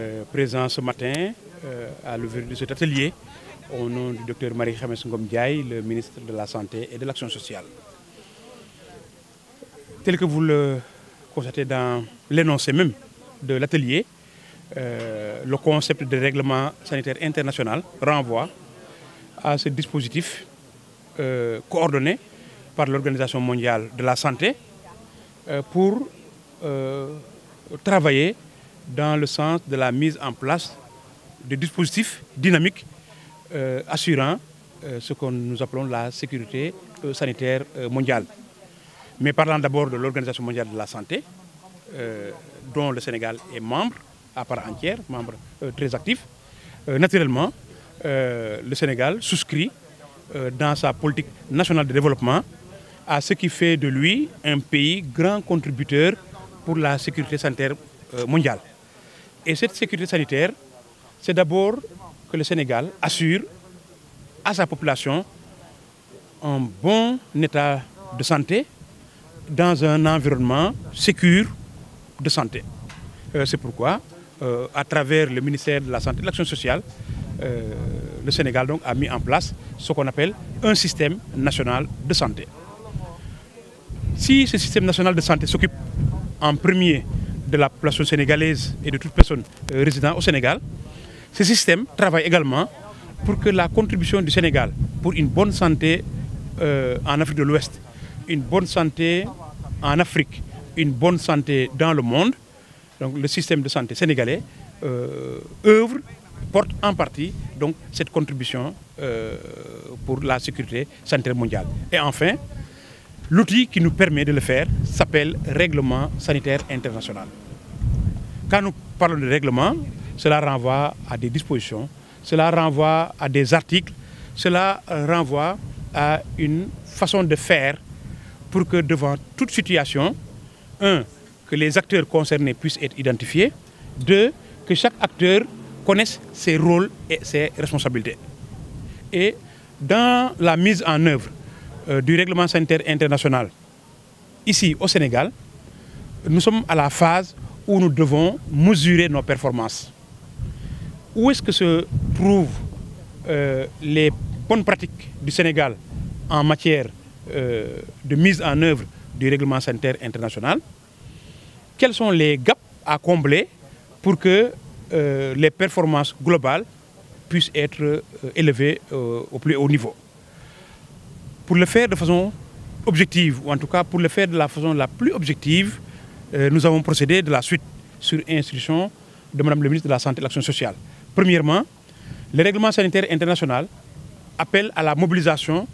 Euh, présent ce matin euh, à l'ouverture de cet atelier au nom du docteur Marie Khémesse Ngom Ndiaye, le ministre de la Santé et de l'Action sociale. Tel que vous le constatez dans l'énoncé même de l'atelier, euh, le concept de règlement sanitaire international renvoie à ce dispositif euh, coordonné par l'Organisation mondiale de la santé euh, pour euh, travailler dans le sens de la mise en place de dispositifs dynamiques euh, assurant euh, ce que nous appelons la sécurité sanitaire mondiale. Mais parlant d'abord de l'Organisation mondiale de la santé, dont le Sénégal est membre à part entière, membre très actif, naturellement, Euh, le Sénégal souscrit euh, dans sa politique nationale de développement à ce qui fait de lui un pays grand contributeur pour la sécurité sanitaire euh, mondiale. Et cette sécurité sanitaire, c'est d'abord que le Sénégal assure à sa population un bon état de santé dans un environnement sécur de santé. c'est pourquoi, à travers le ministère de la Santé et de l'Action sociale, Euh, le Sénégal donc, a mis en place ce qu'on appelle un système national de santé. Si ce système national de santé s'occupe en premier de la population sénégalaise et de toute personne euh, au Sénégal, ce système travaille également pour que la contribution du Sénégal pour une bonne santé euh, en Afrique de l'Ouest, une bonne santé en Afrique, une bonne santé dans le monde, donc le système de santé sénégalais euh, œuvre porte en partie donc cette contribution euh, pour la sécurité sanitaire mondiale. Et enfin, l'outil qui nous permet de le faire s'appelle Règlement sanitaire international. Quand nous parlons de règlement, cela renvoie à des dispositions, cela renvoie à des articles, cela euh, renvoie à une façon de faire pour que devant toute situation, un, que les acteurs concernés puissent être identifiés, deux, que chaque acteur connaissent ses rôles et ses responsabilités. Et dans la mise en œuvre euh, du règlement sanitaire international, ici au Sénégal, nous sommes à la phase où nous devons mesurer nos performances. Où est-ce que se trouvent euh, les bonnes pratiques du Sénégal en matière euh, de mise en œuvre du règlement sanitaire international Quels sont les gaps à combler pour que euh, les performances globales puissent être euh, élevées euh, au plus haut niveau. Pour le faire de façon objective, ou en tout cas pour le faire de la façon la plus objective, euh, nous avons procédé de la suite sur instruction de Mme le ministre de la Santé et de l'Action sociale. Premièrement, le règlement sanitaire international appelle à la mobilisation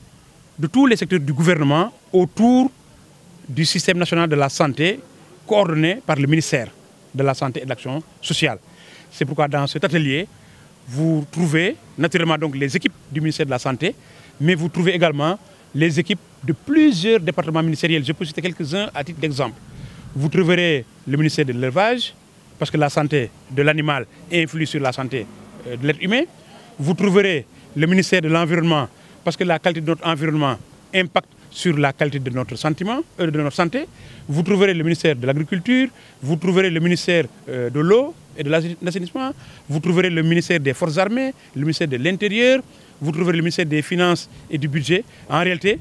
de tous les secteurs du gouvernement autour du système national de la santé coordonné par le ministère de la Santé et sociale. C'est pourquoi dans cet atelier, vous trouvez naturellement donc les équipes du ministère de la Santé, mais vous trouvez également les équipes de plusieurs départements ministériels. Je peux citer quelques-uns à titre d'exemple. Vous trouverez le ministère de l'élevage, parce que la santé de l'animal influe sur la santé euh, de l'être humain. Vous trouverez le ministère de l'environnement, parce que la qualité de notre environnement impacte sur la qualité de notre, sentiment, euh, de notre santé. Vous trouverez le ministère de le ministère euh, de l'eau, et de l'assainissement, vous trouverez le ministère des Forces armées, le ministère de l'Intérieur, vous trouverez le ministère des Finances et du Budget. En réalité,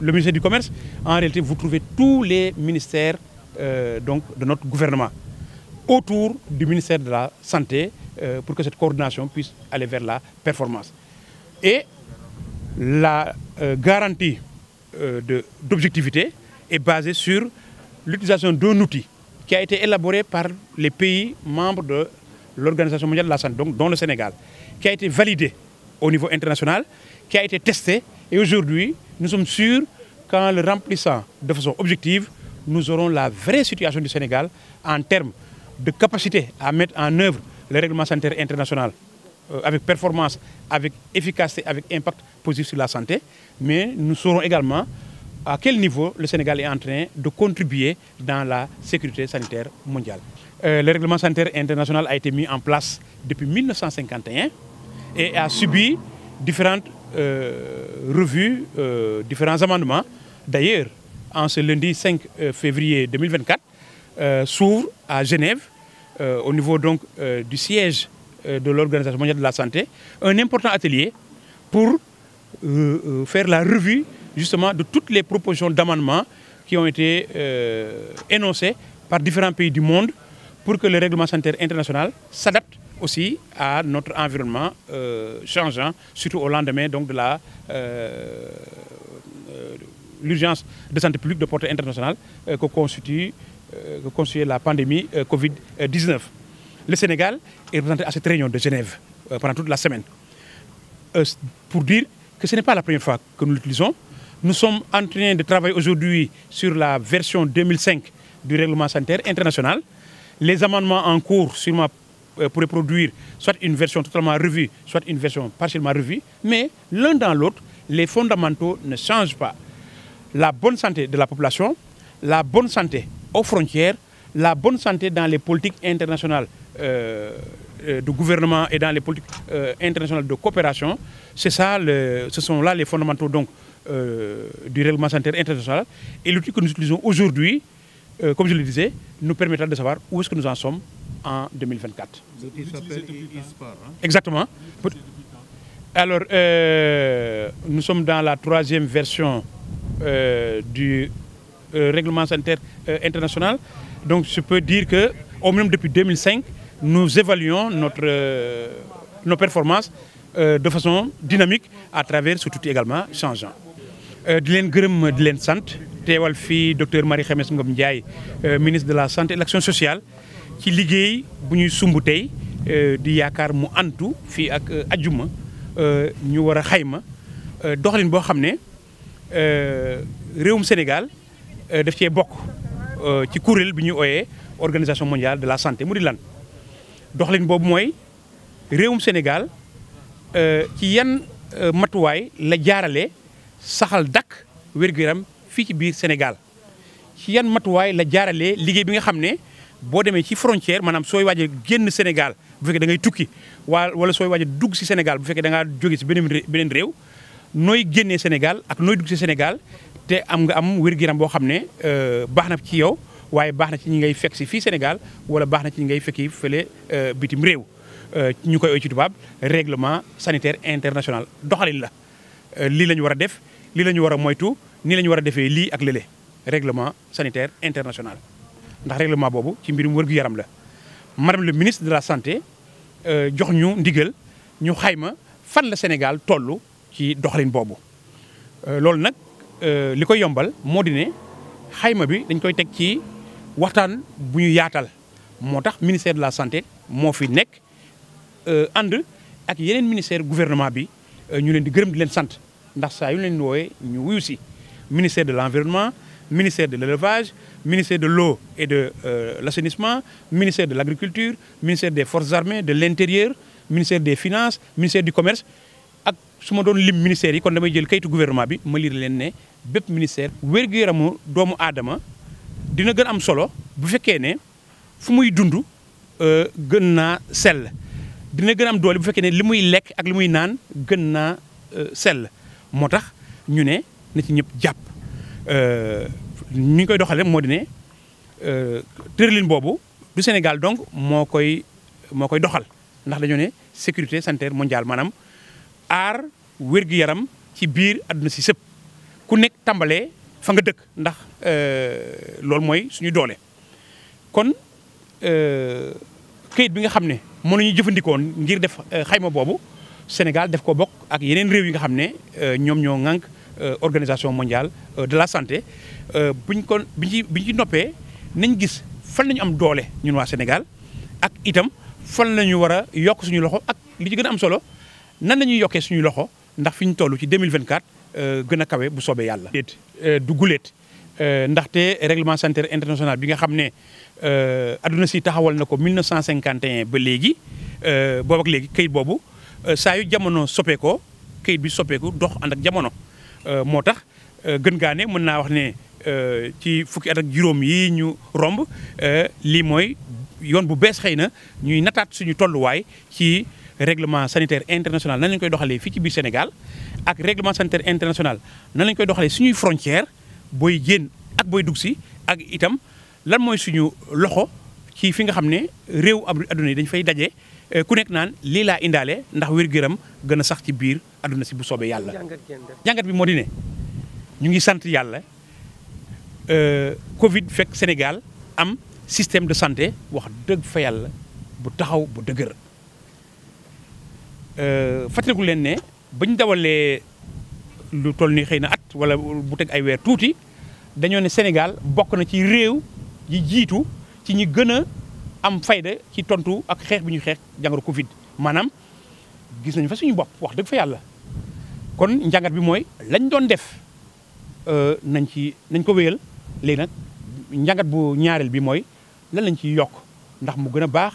le ministère du Commerce, en réalité, vous trouvez tous les ministères euh, donc, de notre gouvernement autour du ministère de la Santé euh, pour que cette coordination puisse aller vers la performance. Et la euh, garantie euh, d'objectivité est basée sur l'utilisation d'un outil qui a été élaboré par les pays membres de l'Organisation mondiale de la santé, donc dont le Sénégal, qui a été validé au niveau international, qui a été testé. Et aujourd'hui, nous sommes sûrs qu'en le remplissant de façon objective, nous aurons la vraie situation du Sénégal en termes de capacité à mettre en œuvre le règlement sanitaire international euh, avec performance, avec efficacité, avec impact positif sur la santé. Mais nous saurons également à quel niveau le Sénégal est en train de contribuer dans la sécurité sanitaire mondiale. Euh, le règlement sanitaire international a été mis en place depuis 1951 et a subi différentes euh, revues, euh, différents amendements. D'ailleurs, en ce lundi 5 euh, février 2024, euh, s'ouvre à Genève, euh, au niveau donc du siège de l'Organisation mondiale de la santé, un important atelier pour faire la revue justement de toutes les propositions d'amendement qui ont été euh, par différents pays du monde pour que le règlement sanitaire international s'adapte aussi à notre environnement euh, changeant, surtout au lendemain de la euh, euh, l'urgence de santé publique de portée internationale euh, que constitue, que constitue la pandémie Covid-19. Le Sénégal est représenté à cette de Genève pendant toute la semaine pour dire que ce n'est pas la Nous sommes en train de travailler aujourd'hui sur la version 2005 du règlement sanitaire international. Les amendements en cours sûrement euh, pourraient produire soit une version totalement revue, soit une version partiellement revue, mais l'un dans l'autre, les fondamentaux ne changent pas. La bonne santé de la population, la bonne santé aux frontières, la bonne santé dans les politiques internationales euh, euh de gouvernement et dans les politiques euh, internationales de coopération, c'est ça, le, ce les fondamentaux. Donc, Euh, du règlement sanitaire international. Et l'outil que nous utilisons aujourd'hui, euh, comme je le disais, nous permettra de savoir où est-ce que nous en sommes en Exactement. Alors, euh, nous sommes dans la troisième version euh, du euh, règlement sanitaire euh, international. Donc, je peux dire que, au même depuis 2005, nous évaluons notre, nos performances de façon dynamique à travers ce tout également changeant. Euh, di leen gërëm di leen sant teewal fii docteur Marie Khemesse Ngom Ndiaye euh, ministre de la santé et sociale ci liggéey bu ñuy sumb tey euh, di yaakaar mu antu fii ak ajuma ñu war a xayma doxalin boo xam ne réewum Sénégal daf cee bokk ci kuréel bi ñuy ooyee organisation mondiale de la santé mu di lan doxalin boobu mooy réewum Sénégal ci yan matuwaay la jaarale saxal dakk wér-gu-yaram fii ci biir Sénégal ci yan matuwaay la jaaralee liggéey bi nga xam ne boo demee ci frontière maanaam sooy waaj a génn Sénégal bu fekkee da ngay tukki waa wala sooy waaj a dugg si Sénégal bu fekkee dangaa ngaa jóge si beneen beneen réew nooy génnee Sénégal ak nooy dugg si te am nga am wér gu boo xam ne euh, baax na ci yow waaye baax na ci ñi ngay fekk si fii Sénégal wala baax na ci ñi ngay fekki fële euh, bitim réew euh, ñu koy oy ci tubaab règlement sanitaire international doxalin la lii lañu ñu war a def lii lañu ñu war a moytu nii la ñu war a defee lii ak lële réglement sanitaire international ndax règlement boobu ci mbirum wér-gu-yaram la madame le ministre de la santé euh, jox ñu ndigal ñu xayma fan la Sénégal tollu ci doxalin boobu euh, loolu nag euh, li koy yombal moo di ne xayma bi dañ koy teg ci waxtaan bu ñu yaatal moo tax ministère de la santé moo fi nekk ànd ak yeneen ministère gouvernement bi ñu leen di gërëm di leen sant ndax saa yu leen wooye ñu wuyu si ministère de l'environnement ministère de l'élevage ministère de l'eau et de euh, l'assainissement ministère de l'agriculture ministère des forces armées de l'intérieur ministère des finances ministère du commerce ak su ma doon lim ministères yi kon damay jël kayitu gouvernement bi ma liir leen ne bépp ministère wér-gu-yaramu doomu aadama dina gën am solo bu fekkee ne fu muy dund euh, gën naa sell dina gën am doole bu fekkee ne li muy lekk ak li muy naan gën naa euh, sell moo tax ñu ne na ñëpp jàpp euh, ni ñu koy doxale moo di ne euh, tëralin boobu du Sénégal donc moo koy moo koy doxal ndax dañoo ne sécurité sanitaire mondiale maanaam aar wér yaram ci biir àdduna si sëpp ku nekk tàmbalee fa nga dëkk ndax euh, loolu mooy suñu doole kon kayit bi nga xam ne moom nañu jëfandikoon ngir def xayma boobu Sénégal def ko bokk ak yeneen réew yi nga xam ne euh, ñoom ñoo ŋànk euh, organisation mondiale euh, de la santé buñ ko biñ ci biñ ci noppee nañ gis fan la ñu am doole ñun waa Sénégal ak itam fan la ñu war a yokk suñu loxo ak li ci gën am solo nan la ñuy yokkee suñu loxo ndax fi ñu toll ci 2024 gën a kawe bu soobee yàlla. déet du guleet ndaxte règlement sanitaire international bi nga xam ne adduna si taxawal na ko 1951 ba léegi boobu ak léegi kayit boobu. Euh, saa yu jamono soppeekoo kayit bi soppeeku dox ànd ak jamono euh, moo tax euh, gën gaa ne mën naa wax ne ci fukki at ak juróom yi ñu romb lii mooy yoon bu bees xëy na ñuy nataat suñu tolluwaay ci règlement sanitaire international nan lañ koy doxalee fii ci biir Sénégal ak règlement sanitaire international nan lañ koy doxalee suñuy frontière booy génn ak booy dugg si ak itam lan mooy suñu loxo ci fi nga xam ne réew ab adduna yi dañ fay daje Eh, ku nekk naan lii laa indaale ndax wér gu gën a sax ci biir àdduna si bu soobee yàlla. jàngat bi moo di ne ñu ngi sant yàlla eh, Covid fekk Sénégal am système de santé wax dëgg fa yàlla bu taxaw bu dëgër. Eh, fàttaliku leen ne bañ dawalee lu toll ni xëy na at wala bu teg ay weer tuuti dañoo ne Sénégal bokk na ci réew yi jiitu ci ñi gën a. am fayda ci tontu ak xeex bi ñu xeex jàngoro Covid maanaam gis nañ fa suñu bopp wax dëgg fa yàlla kon njàngat bi mooy lañ doon def euh, nañ ci nañ ko wéyal léegi nag njàngat bu ñaareel bi mooy lan lañ ciy yokk ndax mu gën a baax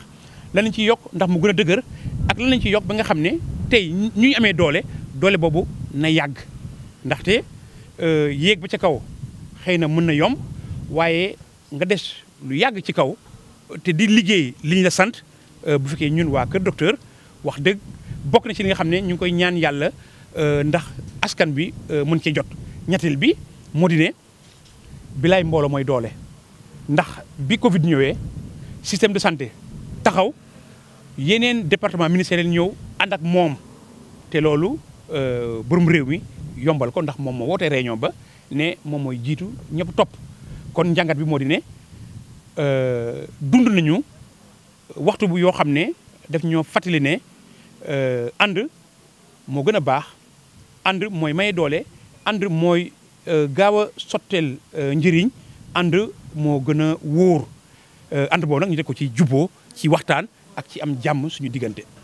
lan lañ ciy yokk ndax mu gën a dëgër ak lan lañ ciy yokk ba nga xam ne tey ñuy amee doole doole boobu na yàgg ndaxte euh, yéeg ba ci kaw xëy na mën na yomb waaye nga des lu yàgg ci kaw. te di liggéey li ñu la sant euh, bu fekkee ñun waa Kër dokteur wax dëgg bokk na ci li nga xam ne ñu ngi koy ñaan yàlla euh, ndax askan bi euh, mën ci jot. ñetteel bi moo di ne bilaay mboolo mooy doole ndax bi Covid ñëwee système de santé taxaw yeneen département ministériel ñëw ànd ak moom te loolu borom réew mi yombal ko ndax moom moo wootee réunion ba ne moom mooy jiitu ñëpp topp kon njàngat bi moo di ne. Euh, dund nañu waxtu yoo xam ne daf ñoo fàttali ne euh, ànd moo gën a baax ànd mooy may doole ànd mooy euh, gaaw a sotteel njëriñ ànd moo gën a wóor and boobu nag ñu def ko ci juboo ci waxtaan ak ci am jàmm suñu diggante.